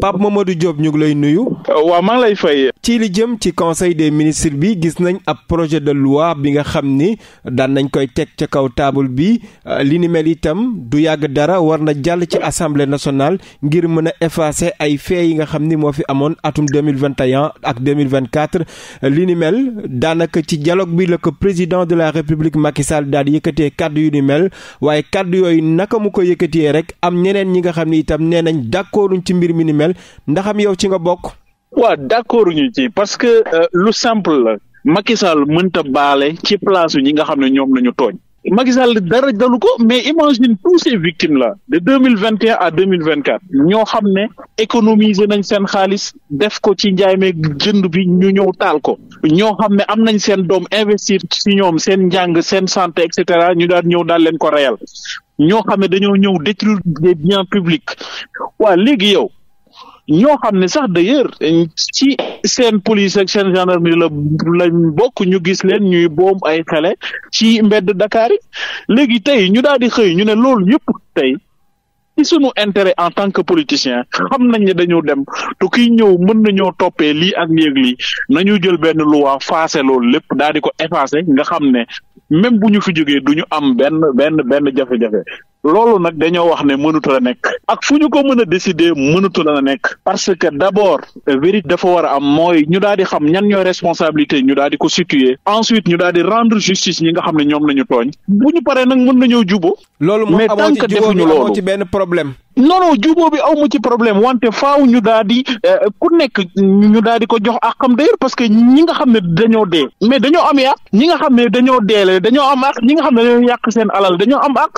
Pape Mamadou Diop ñu ngi lay nuyu. waa maa lay fay ci li jëm ci conseil des ministres bi gis nañ ab projet de loi bi nga xam ni daan nañ koy teg ca kaw taabal bi euh, li ni mel itam du yàgg dara war na jàll ci assemblée nationale ngir mën a effacer ay faits yi nga xam ni moo fi amoon atum 2021 ak 2024 euh, li ni mel daanaka ci dialogue bi la ko président de la république Macky Sall daal di yëkkatee kàddu yu ni mel waaye kàdd yooyu naka mu ko yëkkatee rek am ñeneen ñi nga xam ni itam nee nañ d'accorduñ ci mbir mi ni mel ndax am yow ci nga bokk waaw d'accord ñu ci parce que euh, lu simple la Macky Sall mënta baale ci place ñi nga xam ne ñoom la ñu tooñ. Macky Sall dara dalu ko mais imagine tous ces victimes là de deux mille vingt et un à deux mille vingt quatre ñoo xam ne économiser nañ seen xaalis def ko ci njaay meeg jënd bi ñu ñëw taal ko ñoo xam ne am nañ seen doom investir ci ñoom seen njàng seen santé et cetera ñu daal ñëw daal leen ko reyal ñoo xam ne dañoo ñëw détruire des biens publics waa léegi yow. ñoo xam ne sax d'ailleurs ci seen police ak seen gendarmerie la lañ bokk ñu gis leen ñuy boom ay xale ci mbedd Dakar léegi tey ñu daal di xëy ñu ne loolu yëpp tey ci sunu intérêt en tant que politicien xam nañ ne dañoo dem te kiy ñëw mën nañoo toppee lii ak léeg lii nañu jël benn loi faase loolu lépp daal di ko effacé nga xam ne même bu ñu fi jógee du ñu am benn benn benn jafe-jafe loolu nag dañoo wax ne mënutu la nekk ak fu ñu ko mën a décider mënutu la nekk parce que d'abord vérité dafa war a am mooy ñu daal di xam ñan ñooy responsabilité ñu daal di ko situer ensuite ñu daal di rendre justice ñi nga xam ne ñoom la ñu tooñ bu ñu paree nag mën nañoo jubo loolu mais tant que defuñu loolu ci benn problème non non jubóo bi aw mu ci problème wante faaw ñu daal di euh, ku nekk ñu daal di ko jox àqam d'ailleurs parce que ñi nga xam ne dañoo dee mais dañoo am yàq ñi nga xam ne dañoo deele dañoo am àq ñi nga xam ne dañoo yàq seen alal dañoo am àq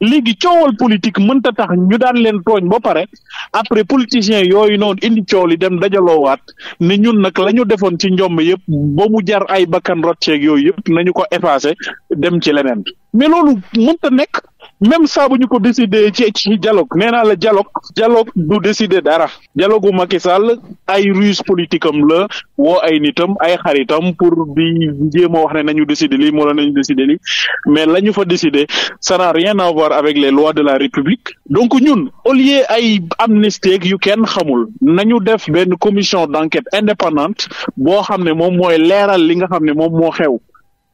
léegi coowal politique mënta tax ñu daan leen tooñ ba pare après politiciens yooyu noonu indi coow li dem dajaloowaat ne ñun nag la ñu defoon ci njomb yëpp ba mu jar ay bakkan rotceeg yooyu yëpp nañu ko effacer dem ci leneen mais loolu mënta nekk même saa bu ñu ko décider ci ci dialogue nee naa la dialogue dialogue du décider dara dialogue gu Macky Sall ay ruse politique la woo ay nitam ay xaritam pour di jéem a wax ne nañu décider lii moo la nañu décider lii mais la ñu fa décider ça n'a rien à voir avec les lois de la République donc ñun au lieu ay amnistie yu kenn xamul nañu def benn commission d'enquête indépendante boo xam ne moom mooy leeral li nga xam ne moom moo xew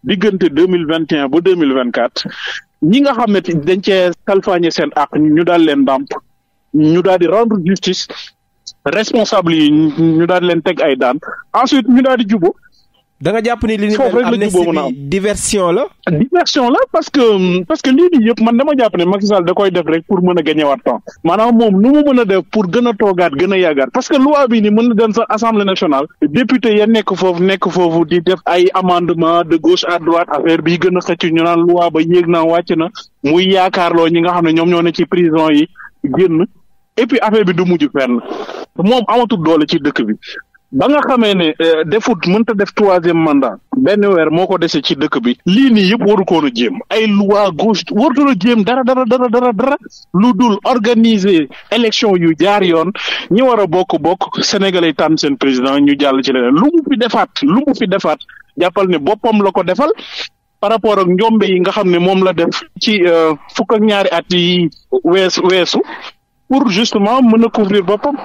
diggante deux mille vingt et ba deux mille vingt quatre ñi nga xam ne dañ cee salfaañe seen àq ñu daal leen ndàmp ñu daal di rendre justice responsable yi ñu daal di leen teg ay daan ensuite ñu daal di jubo danga jàpp ni li ñu mel amnistie bi diversion la. diversion la parce que parce que lii nii yëpp man dama jàpp ne Macky Sall da koy def rek pour mën a gagné waat temps maanaam moom nu mu mën a def pour gën a toogaat gën a yàggaat parce que loi bi ni mën na dem sax assemblée nationale député ya nekk foofu nekk foofu di def ay amendement de gauche à droite affaire bi gën a xëcc ñu naan loi ba yéeg na wàcc na muy yaakaarloo ñi nga xam ne ñoom ñoo ne ci prison yi génn et puis affaire bi du mujj fenn moom amatul doole ci dëkk bi ba nga xamee ne euh, defut mënta def troisième mandat benn weer moo ko desee ci dëkk bi lii nii yëpp waru koon a jéem ay loi gauche warutoon a jéem dara dara dara dara dara lu dul organiser élection yu jaar yoon ñi war a bokk bokk sénégalais tànn seen président ñu jàll ci leneen lu mu fi defaat lu mu fi defaat jàppal ne boppam la ko defal par rapport ak njombe yi nga xam ne moom la def ci euh, fukk ñaari at yi wees weesu pour justement mën a couvrir boppam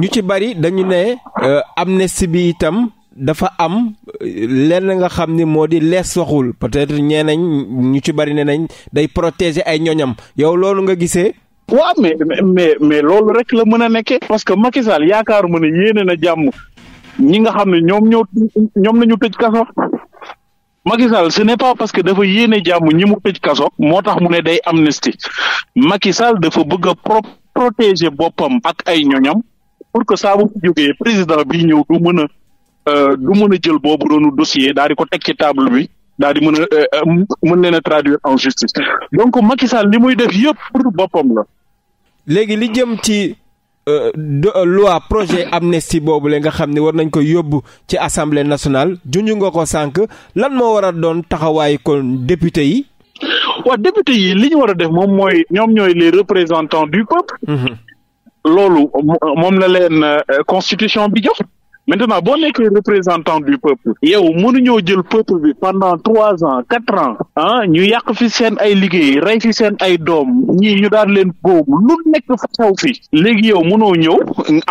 ñu ci bari dañu ne euh, amnistie bi itam dafa am euh, lenn nga xam ni moo di lees waxul peut-être ñee nañ ñu ci bari ne nañ day protéger ay ñoñam yow loolu nga gisee. waaw mais mais mais loolu rek la mën a nekkee. parce que Macky Sall yaakaaruma ne yéene na jàmm ñi nga xam ne ñoom ñoo ñoom nañu tëj kaso. Macky Sall ce n'est pas parce que dafa yéene jàmm ñi mu tëj kaso moo tax mu ne day amnistie Macky Sall dafa bëgg a protéger boppam ak ay ñoñam. pour que saabu bu jógee président bi ñëw du mën a euh, du mën a jël boobu doonu dossier daal di ko teg ci table bi daal di mën a euh, euh, mën leen a traduire en justice donc Macky Sall li muy def yëpp pour boppam la. léegi li jëm ci loi projet amnistie boobu la nga xam ne war nañ ko yóbbu ci assemblée nationale junj nga ko sànq lan moo war a doon taxawaay kon député yi. waaw député yi li ñu war a def moom mooy ñoom ñooy les représentants du peuple. Mhm. loolu moom la leen euh, constitution bi jox maintenant boo nekkee représentant du peuple yow mënuñoo jël peuple bi pendant trois ans quatre ans ah ñu yàq fi seen ay liggéey rey fi seen ay doom ñii ñu daal leen góob lu nekk fa xew fi léegi yow mënoo ñëw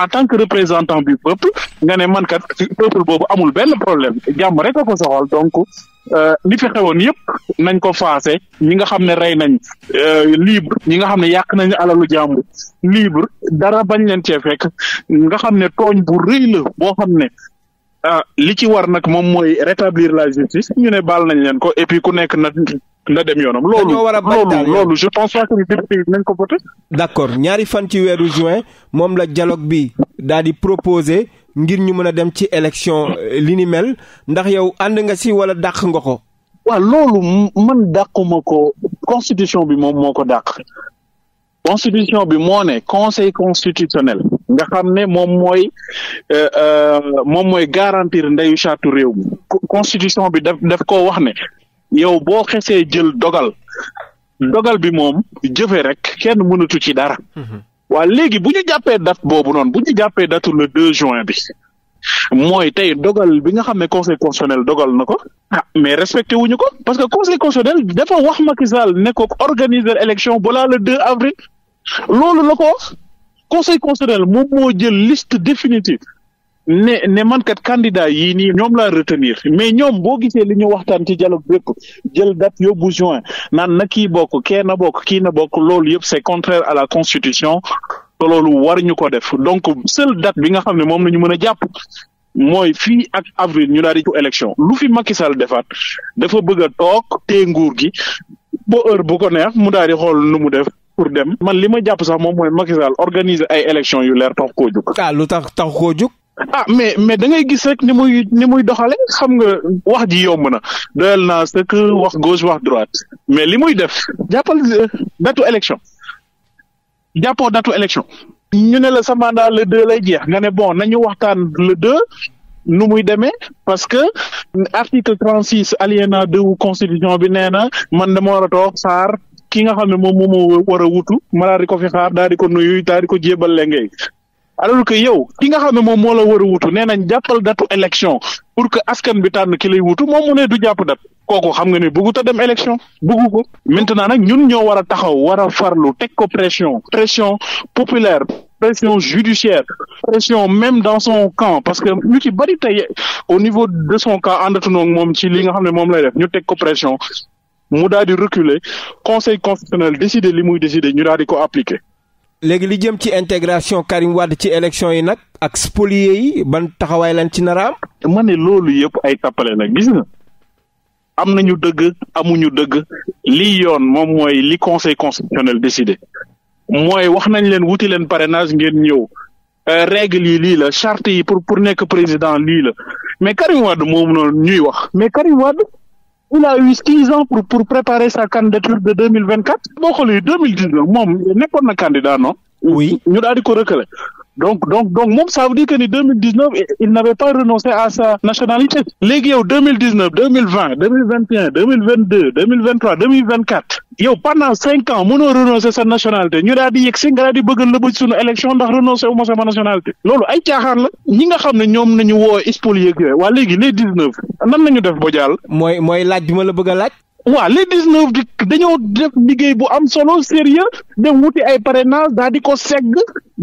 en tant que représentant du peuple nga ne man kat peuple boobu amul benn problème jàmm rek a ko soxal donc Euh, li fi xewoon yëpp nañ ko faase ñi nga xam ne rey nañ euh, libre ñi nga xam ne yàq nañu alalu jàmbur libre dara bañ leen cee fekk nga xam ne tooñ bu rëy la boo xam ne ah li ci war nag moom mooy rétablir la justice ñu ne baal nañ leen ko et ku nekk na na dem yoonam. loolu loolu loolu je pense pas que ni député yi nañ ko voté. d'accord ñaari fan ci weeru juin moom la dialogue bi daal di proposé. ngir ñu mën a dem ci élection euh, li ndax yow ànd nga si wala dàq nga ko. waaw loolu man dàquma ko constitution bi moom moo ko dàq. constitution bi moo ne conseil constitutionnel nga xam ne moom mooy euh, euh, moom mooy garantir ndeyu charte réew mi constitution bi daf daf ko wax ne yow boo xesee jël dogal dogal bi moom jëfe rek kenn mënatu ci dara. Mm-hmm. waa léegi bu ñu jàppee date boobu noonu bu ñu jàppee datu le 2 juin bi mooy tey dogal bi nga xam ne conseil constitutionnel dogal na ko ah mais respecté wuñu ko parce que conseil constitutionnel dafa wax Macky Sall ne ko organiser élection balaa le 2 avril loolu na ko wax conseil constitutionnel moom moo jël liste définitive ne ne man kat candidat yii nii ñoom laa retenir mais ñoom boo gisee li ñu waxtaan ci jalo bépp jël date yóbbu juin naan na kii bokk kee na bokk kii na bokk loolu yëpp c'est contraire à la constitution te loolu war ñu ko def donc seule date bi nga xam ne moom la ñu mën a jàpp mooy fii ak avril ñu daal di élection lu fi Macky Sall defaat dafa bëgg a toog tee nguur gi ba heure bu ko neex mu daal di xool nu mu def. pour dem man li ma jàpp sax moom mooy Macky Sall organiser ay élections y leer tax koo lu tax tax koo jóg ah mais mais da gis rek ni muy ni muy doxale xam nga wax ji yomb na doyal naa ce que wax gauche wax droite mais li muy def jàppal euh, datu élection jàppoo datu élection ñu ne la sa mandat le deux lay jeex nga ne bon nañu waxtaan le deux nu muy demee parce que article trente six alinéa deux wu constitution bi nee na man dama war a toog saar ki nga xam ne moom moo war a wutu ma daal di ko fi xaar daal di ko nuyu daal di ko jébal lenge alors que yow ki nga xam ne moom moo la war a wutu nee nañ jàppal datu élection pour que askan bi tànn ki lay wutu moom mu ne du jàpp dat kooku xam nga ne bëggut a dem élection bëggu ko maintenant nag ñun ñoo war a taxaw war a farlu teg ko pression pression populaire pression judiciaire pression même dans son camp parce que ñu ci bari tey au niveau de son camp àndatunoog moom ci li nga xam ne moom lay def ñu teg ko pression mu daal di reculer conseil constitutionnel décider li muy décider ñu daal di ko appliquer léegi li jëm ci intégration Karim Wade ci élection yi nag ak spoliés yi ban taxawaay lan ci naraam. ma ne loolu yëpp ay tappale nag gis nga am nañu dëgg amuñu dëgg lii yoon moom mooy li conseil constitutionnel décidé mooy wax nañ leen wuti leen parrainage ngeen ñëw euh, règle yi lii la charte yi pour pour nekk président lii la mais Karim Wade moom noonu ñuy wax mais Karim Wade il a eu six ans pour pour préparer sa candidature de deux mille vingt quatre. boo deux mille dix neuf moom nekkoon candidat non. oui ñu daal di ko donc donc donc moom ça veut dire que ni deux mille dix neuf il n'avait pas renoncé à sa nationalité léegi yow deux mille dix neuf deux mille vingt deux mille deux mille vingt trois deux mille vingt quatre yow pendant cinq ans mënoo renoncer sa nationalité ñu daal di nga daal di bëgg a lëbëj élection ndax renoncer wu ma sama nationalité loolu ay caaxaan la ñi nga xam ne ñoom nañu woo spolier yooyu waa léegi les dix neuf nan nañu def ba jàll. mooy mooy laaj bi ma a laaj. waaw les dix neuf di dañoo def liggéey bu am solo sérieux dem wuti ay parrainage daa di ko segg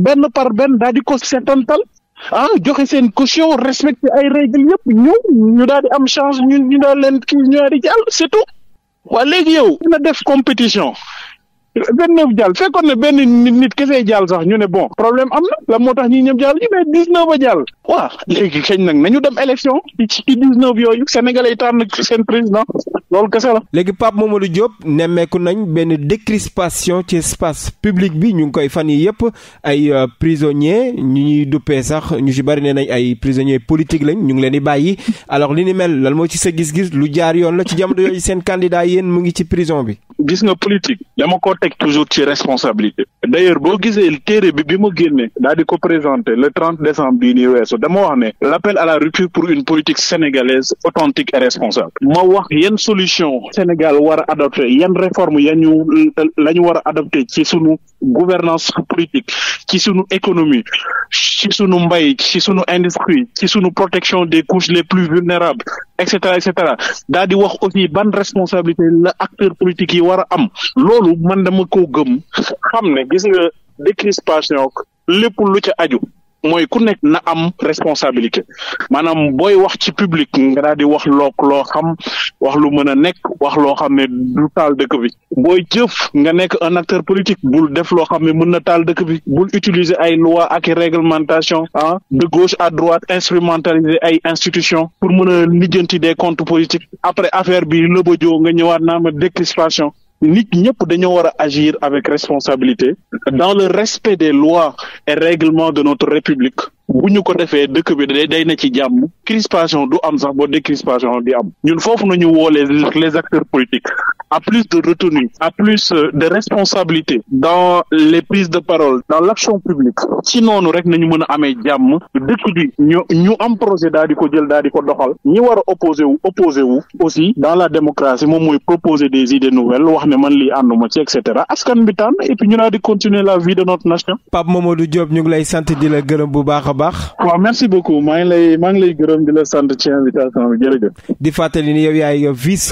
benn par benn daa di ko setantal ah joxe seen caution respecté ay règles yëpp ñu ñu daal di am chance ñu ñu daal leen kii ñu daal di jàll c'est tout waa léegi yow dina def compétition vingt neuf jàll fekkoon ne benn nit nit kesee jàll sax ñu ne bon problème am na la moo tax ñi ñëpp jàll ñu mais dix neuf a jàll waaw léegi xëy nag nañu dem élection ci dix yooyu sénégalais yi tànn seen président loolu kese la léegi moom Pape Mamadou Diop nemmeeku nañ benn décrispation ci space public bi ñu ngi koy fan yi yëpp ay euh, prisonniers ñu ñuy duppee sax ñu ci bari nee nañ ay prisonniers politiques lañ ñu ngi leen di bàyyi alors li ni mel lan moo ci sa gis lu jaar yoon la ci jamono yooyu seen candidat yéen mu ngi ci prison bi gis nga politique dama koo teg toujours ci responsabilité d' ailleurs boo gisee téere bi bi mu génne daal di ko le trente décembre bii nii weesu dama wax ne l' appel à la rupture pour une politique sénégalaise authentique et responsable ma wax yan solution Sénégal war a adopté yan réforme yañu la ñu war a adopté ci sunu gouvernance politique ci sunu économie ci sunu mbay ci sunu industrie ci sunu protection des couches les plus vulnérables et cetera et cetera daal di wax aussi ban responsabilité la acteur politique yi war a am loolu man dama koo gëm xam gis nga décrispation lépp lu ca aju mooy ku nekk na am responsabilité maanaam booy wax ci public nga daal di wax loo loo xam wax lu mën a nekk wax loo xam ne du taal dëkk bi booy jëf nga nekk un acteur politique bul def loo xam ne mën na taal dëkk bi bul utiliser ay loi ak réglementation ah de gauche à droite instrumentaliser ay institutions pour mën a lijjanti des comptes politiques après affaire bi lëbëjoo nga ñëwaat naa ma décrispation nit ñëpp dañoo war a agir avec responsabilité dans le respect des lois et règlements de notre République bu ñu ko defee dëkk bi day day na ci jàmm crispation du am sax boo décrispation di am ñun foofu nañu woo les les acteurs politiques à plus de retenue à plus euh, de responsabilité dans les prises de parole dans l'action publique ci noonu rek nañu mën a amee jàmm dëkk bi ñu ñu am projet daal di ko jël daal di ko doxal ñi war a opposé wu opposé wu aussi dans la démocratie moom mooy proposer des idées nouvelles wax ne man li ànduma ci et cetera askan bi tam et puis ñu la vie de notre ngi lay sant di la gërëm bu baax baax. waaw merci beaucoup maa ngi lay maa ngi lay gërëm di la sant ci invitation bi jërëjëf. di fàttali ni yow yaay vice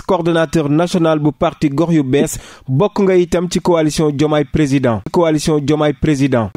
national bu parti gox yu bees bokk nga itam ci coalition Diomaye président. coalition Diomaye président.